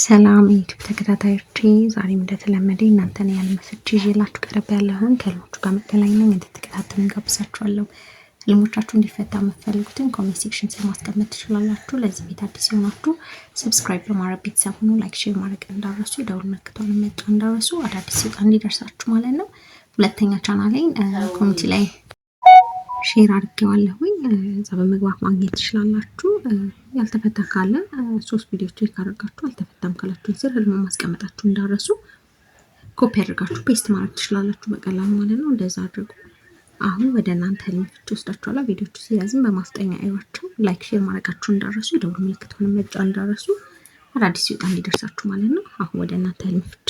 ሰላም የዩቱብ ተከታታዮች፣ ዛሬም እንደተለመደ እናንተን ያልመሰች ይዤላችሁ ቀረብ ያለሁን ከህልሞቹ ጋር መገናኝ ነኝ። እንድትከታተሉን ጋብዛችኋለሁ። ህልሞቻችሁ እንዲፈታ የምትፈልጉትን ኮሜንት ሴክሽን ስር ማስቀመጥ ትችላላችሁ። ለዚህ ቤት አዲስ የሆናችሁ ሰብስክራይብ በማድረግ ቤተሰብ ሁኑ። ላይክ፣ ሼር ማድረግ እንዳረሱ፣ የደውል ምልክቷን መጫን እንዳረሱ፣ አዳዲስ ሲወጣ እንዲደርሳችሁ ማለት ነው። ሁለተኛ ቻናሌን ኮሚቲ ላይ ሼር አድርጌዋለሁኝ እዛ በመግባት ማግኘት ትችላላችሁ። ያልተፈታ ካለ ሶስት ቪዲዮች ካደረጋችሁ አልተፈታም ካላችሁ ስር ህልም ማስቀመጣችሁ እንዳረሱ ኮፒ አድርጋችሁ ፔስት ማድረግ ትችላላችሁ በቀላሉ ማለት ነው። እንደዛ አድርጉ። አሁን ወደ እናንተ ህልም ፍቺ ወስዳችኋላ። ቪዲዮቹ ሲያዝም በማስጠኛ አይዋቸው። ላይክ ሼር ማድረጋችሁ እንዳረሱ፣ የደውል ምልክት ሆነ መጫ እንዳረሱ፣ አዳዲስ ሲወጣ እንዲደርሳችሁ ማለት ነው። አሁን ወደ እናንተ ህልም ፍቺ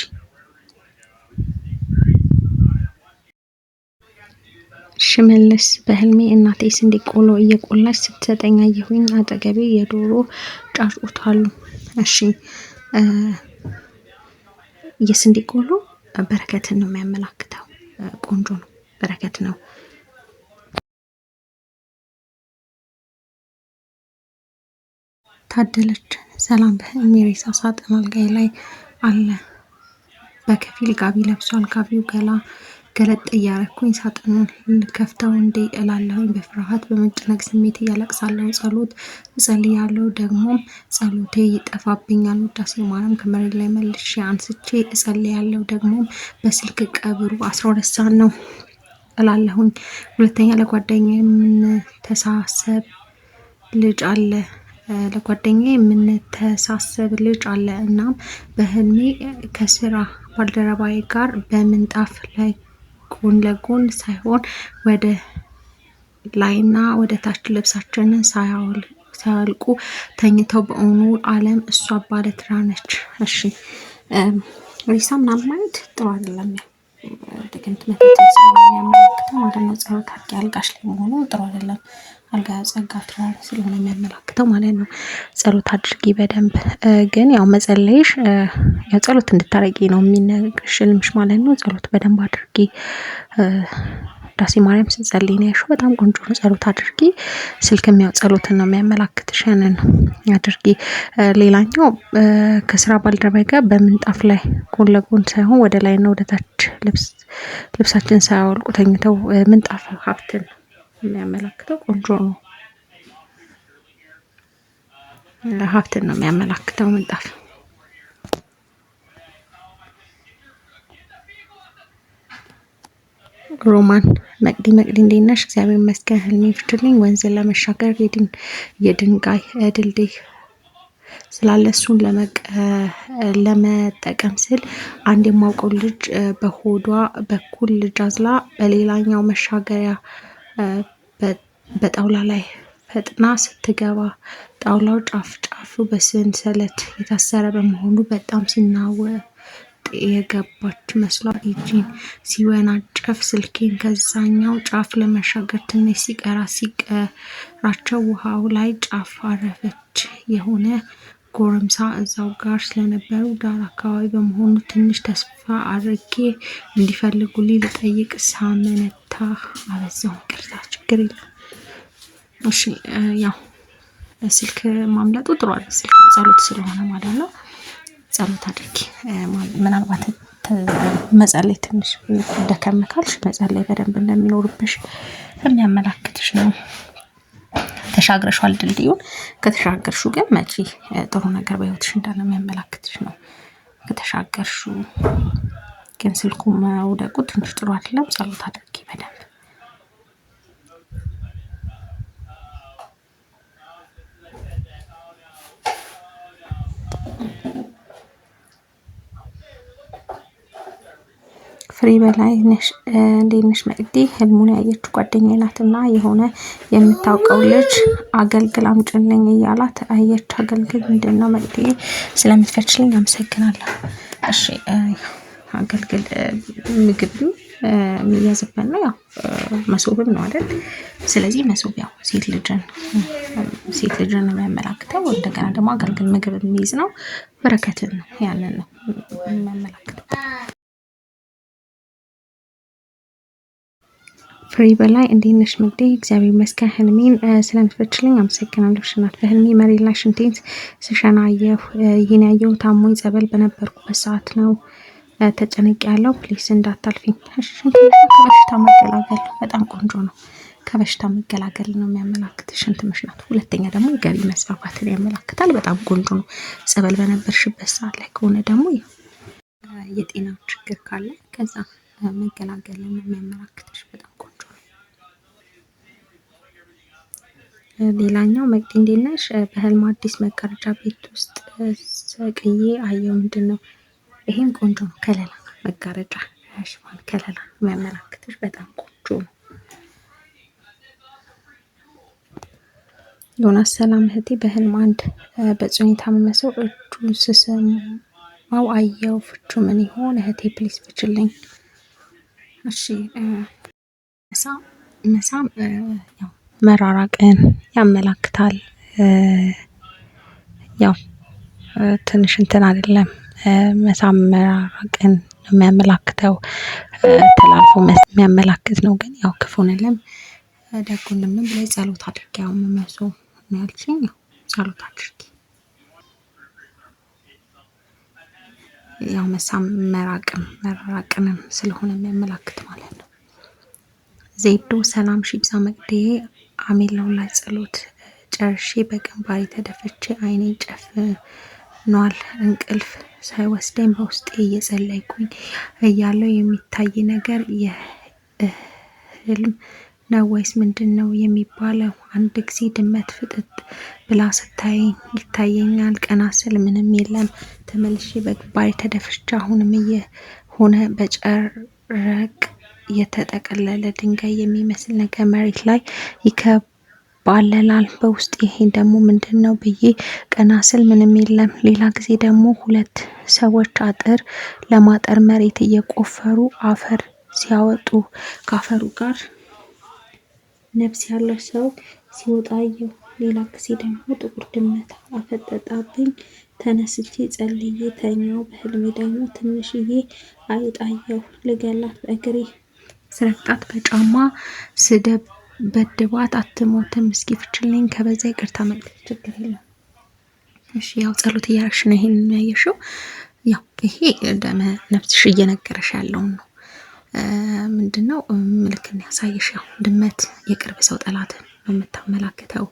ሽመልስ በህልሜ እናቴ ስንዴ ቆሎ እየቆላች ስትሰጠኝ አየሁኝ። አጠገቤ የዶሮ ጫጩት አሉ። እሺ የስንዴ ቆሎ በረከትን ነው የሚያመላክተው። ቆንጆ ነው፣ በረከት ነው። ታደለች ሰላም በህልሜ ሬሳ ሳጥን አልጋዬ ላይ አለ። በከፊል ጋቢ ለብሷል። ጋቢው ገላ ገለጥ እያረኩኝ ሳጥኑን ልከፍተው እንዴ እላለሁኝ። በፍርሃት በመጨነቅ ስሜት እያለቅሳለሁ። ጸሎት እጸልያለሁ፣ ደግሞም ጸሎቴ ይጠፋብኛል። ውዳሴ ማርያም ከመሬት ላይ መልሼ አንስቼ እጸልያለሁ። ደግሞም በስልክ ቀብሩ አስራ ሁለት ሰዓት ነው እላለሁኝ። ሁለተኛ ለጓደኛ የምንተሳሰብ ልጅ አለ ለጓደኛ የምንተሳሰብ ልጅ አለ። እናም በህልሜ ከስራ ባልደረባዬ ጋር በምንጣፍ ላይ ጎን ለጎን ሳይሆን ወደ ላይና ወደ ታች ልብሳችንን ሳያልቁ ተኝተው በእውኑ አለም እሷ ባለትዳር ነች። እሺ ሪሳ ምናምን ማየት ጥሩ አይደለም። ጥቅምት መተንሰ የሚያመላክተው ማለት ነው። ፀሐይ ካርጌ አልጋሽ ላይ መሆኑ ጥሩ አይደለም። አልጋ ጸጋ ትዳር ስለሆነ የሚያመላክተው ማለት ነው። ጸሎት አድርጊ በደንብ ግን ያው መጸለይሽ ያው ጸሎት እንድታረጊ ነው የሚነግርሽ ህልምሽ ማለት ነው። ጸሎት በደንብ አድርጊ። ቅዳሴ ማርያም ስትጸልይ ነው ያልሽው። በጣም ቆንጆ ነው። ጸሎት አድርጊ። ስልክም ያው ጸሎትን ነው የሚያመላክትሽ። ያንን አድርጊ። ሌላኛው ከስራ ባልደረባ ጋር በምንጣፍ ላይ ጎን ለጎን ሳይሆን ወደ ላይና ወደ ታች ልብሳችን ሳያወልቁ ተኝተው ምንጣፍ ሀብትን የሚያመላክተው ቆንጆ ነው። ሀብትን ነው የሚያመላክተው ምንጣፍ ሮማን መቅዲ መቅዲ እንዴት ነሽ? እግዚአብሔር ይመስገን። ህልሜ ፍችልኝ። ወንዝን ለመሻገር የድንጋይ ድልድይ ስላለ እሱን ለመጠቀም ስል አንድ የማውቀው ልጅ በሆዷ በኩል ልጅ አዝላ በሌላኛው መሻገሪያ በጣውላ ላይ ፈጥና ስትገባ ጣውላው ጫፍ ጫፉ በሰንሰለት የታሰረ በመሆኑ በጣም ሲናወ የገባች መስሏ እጄን ሲወናጨፍ ስልኬን ከዛኛው ጫፍ ለመሻገር ትንሽ ሲቀራ ሲቀራቸው ውሃው ላይ ጫፍ አረፈች። የሆነ ጎረምሳ እዛው ጋር ስለነበሩ ዳር አካባቢ በመሆኑ ትንሽ ተስፋ አድርጌ እንዲፈልጉልኝ ልጠይቅ ሳመነታ አበዛው። ቅርታ፣ ችግር የለም። እሺ፣ ያው ስልክ ማምለጡ ጥሩ አለ። ስልክ ጸሎት ስለሆነ ማለት ነው። ጸሎት አድርጊ። ምናልባት መጸለይ ትንሽ ደከም ካልሽ መጸለይ በደንብ እንደሚኖርብሽ የሚያመላክትሽ ነው። ተሻግረሽዋል ድልድዩን። ከተሻገርሹ ግን መቼ ጥሩ ነገር በህይወትሽ እንዳለ የሚያመላክትሽ ነው። ከተሻገርሹ ግን ስልኩ መውደቁ ትንሽ ጥሩ አይደለም። ጸሎት አድርጊ በደንብ ፍሬ በላይ በላይነሽ እንዴት ነሽ መቅዲ? ህልሙን ያየች ናት ናትና የሆነ የምታውቀው ልጅ አገልግል አምጭልኝ እያላት አየች። አገልግል ምንድን ነው መቅዲ? ስለምትፈችልኝ አመሰግናለሁ። እሺ አገልግል ምግብ የሚያዝበት ነው። ያው መሶብም ነው አይደል? ስለዚህ መሶብ ያው ሴት ልጅን ሴት ልጅን የሚያመላክተው እንደገና ደግሞ አገልግል ምግብ የሚይዝ ነው። በረከትን ነው ያንን ነው የሚያመላክተው። ፍሬ በላይ እንዴት ነሽ? ንግዴ እግዚአብሔር ይመስገን። ህልሜን ስለምትፈችልኝ አመሰግናለሁ። ሽናት በህልሜ መሬት ላይ ሽንቴን ስሸና አየሁ። ይህን ያየው ታሞኝ ጸበል በነበርኩበት ሰዓት ነው። ተጨነቅ ያለው ፕሊስ እንዳታልፊኝ። ከበሽታ መገላገል በጣም ቆንጆ ነው። ከበሽታ መገላገል ነው የሚያመላክት ሽንት መሽናት። ሁለተኛ ደግሞ ገቢ መስፋፋትን ያመላክታል። በጣም ቆንጆ ነው። ጸበል በነበርሽበት ሰዓት ላይ ከሆነ ደግሞ የጤና ችግር ካለ ከዛ መገላገል ነው የሚያመላክትሽ በጣም ሌላኛው መቅዲ እንዴት ነሽ በህልም አዲስ መጋረጃ ቤት ውስጥ ሰቅዬ አየሁ ምንድን ነው ይሄም ቆንጆ ነው ከለላ መጋረጃ ሽፋን ከለላ የሚያመላክትሽ በጣም ቆንጆ ነው ዮናስ ሰላም እህቴ በህልም አንድ በጽኑ የታመመ ሰው እጁን ስስማው አየው ፍቹ ምን ይሆን እህቴ ፕሊስ ብችልኝ እሺ መሳም መራራቅን ያመላክታል። ያው ትንሽ እንትን አይደለም መሳመራቅን የሚያመላክተው። ተላልፎ የሚያመላክት ነው። ግን ያው ክፉንንም ደጉንም ብለሽ ጸሎት አድርጊ። ያው መመሶ ነው ጸሎት አድርጊ። ያው መሳመራቅም መራቅንም ስለሆነ የሚያመላክት ማለት ነው። ዜዶ ሰላም ሺብዛ መቅዴ አሜላውን ላይ ጸሎት ጨርሼ በግንባሬ ተደፍቼ አይኔን ጨፍኗል። እንቅልፍ ሳይወስደኝ በውስጤ እየጸለይኩኝ እያለው የሚታይ ነገር የህልም ነው ወይስ ምንድን ነው የሚባለው? አንድ ጊዜ ድመት ፍጥጥ ብላ ስታይ ይታየኛል። ቀና ስል ምንም የለም። ተመልሼ በግንባሬ ተደፍቼ አሁንም እየሆነ በጨረቅ የተጠቀለለ ድንጋይ የሚመስል ነገር መሬት ላይ ይከባለላል። በውስጥ ይሄ ደግሞ ምንድን ነው ብዬ ቀና ስል ምንም የለም። ሌላ ጊዜ ደግሞ ሁለት ሰዎች አጥር ለማጠር መሬት እየቆፈሩ አፈር ሲያወጡ ከአፈሩ ጋር ነፍስ ያለው ሰው ሲወጣ አየሁ። ሌላ ጊዜ ደግሞ ጥቁር ድመት አፈጠጣብኝ። ተነስቼ ጸልዬ ተኛው። በህልሜ ደግሞ ትንሽዬ አይጣየው ልገላት በእግሬ ስረግጣት በጫማ ስደብ በድባት አትሞትም። እስኪ ፍችልኝ፣ ከበዛ ይቅርታ መግለጽ ችግር የለም። እሺ ያው ጸሎት እያረሽ ነው ይሄን የሚያየሽው። ያው ይሄ ደመ ነፍስሽ እየነገረሽ ያለውን ነው። ምንድን ነው ምልክን ያሳየሽ? ያው ድመት የቅርብ ሰው ጠላት ነው የምታመላክተው።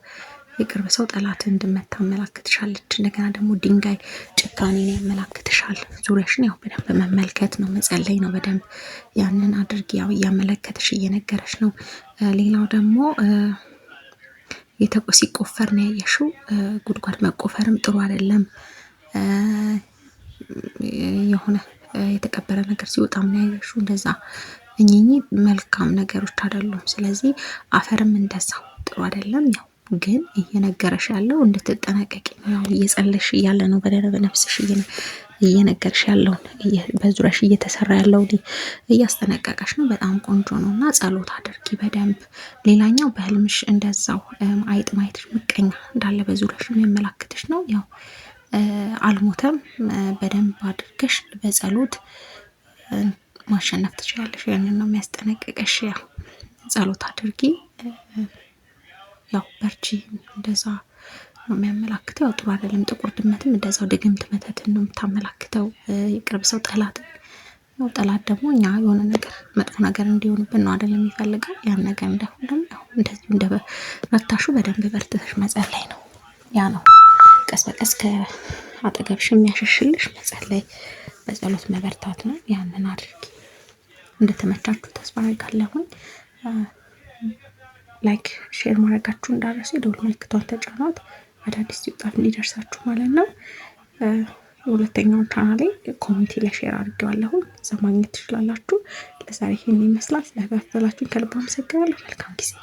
የቅርብ ሰው ጠላት እንድመታ ያመላክትሻለች። እንደገና ደግሞ ድንጋይ ጭካኔን ያመላክትሻል። ዙሪያሽን ያው በደንብ መመልከት ነው፣ መጸለይ ነው። በደንብ ያንን አድርጊ። ያው እያመለከተሽ እየነገረሽ ነው። ሌላው ደግሞ ሲቆፈር ነው ያየሽው። ጉድጓድ መቆፈርም ጥሩ አይደለም። የሆነ የተቀበረ ነገር ሲወጣም ነው ያየሽው። እንደዛ እኚህ መልካም ነገሮች አይደሉም። ስለዚህ አፈርም እንደዛው ጥሩ አይደለም ያው ግን እየነገረሽ ያለው እንድትጠናቀቂ ነው። እየጸለሽ እያለ ነው በደረበ ነፍስሽ እየነገርሽ ያለውን በዙሪያሽ እየተሰራ ያለውን እያስጠነቀቀሽ ነው። በጣም ቆንጆ ነው እና ጸሎት አድርጊ በደንብ። ሌላኛው በህልምሽ እንደዛው አይጥ ማየትሽ ምቀኛ እንዳለ በዙሪያሽ የሚያመላክትሽ ነው። ያው አልሞተም። በደንብ አድርገሽ በጸሎት ማሸነፍ ትችላለሽ። ያንን ነው የሚያስጠነቀቀሽ። ያው ጸሎት አድርጊ። ያው በርቺ እንደዛ ነው የሚያመላክተው። ያው ጥሩ አይደለም። ጥቁር ድመትም እንደዛው ድግምት መተትን ነው የምታመላክተው። የቅርብ ሰው ጠላት ነው። ጠላት ደግሞ እኛ የሆነ ነገር መጥፎ ነገር እንዲሆንብን ነው አይደለም የሚፈልገው። ያን ነገር እንዳይሆን ያው እንደዚሁ እንደ በርታሹ በደንብ በርትተሽ መጸለይ ነው። ያ ነው ቀስ በቀስ ከአጠገብሽ የሚያሸሽልሽ መጸለይ፣ በጸሎት መበርታት ነው። ያንን አድርጊ። እንደተመቻችሁ ተስፋ አድርጋለሁኝ። ላይክ ሼር ማድረጋችሁ እንዳረሱ የደውል ምልክቷን ተጫኗት፣ አዳዲስ ጣፍ እንዲደርሳችሁ ማለት ነው። ሁለተኛውን ቻናሌ ኮሚኒቲ ላይ ሼር አድርጌዋለሁ፣ እዛ ማግኘት ትችላላችሁ። ለዛሬ ይህን ይመስላል። ስለተከታተላችሁን ከልብ አመሰግናለሁ። መልካም ጊዜ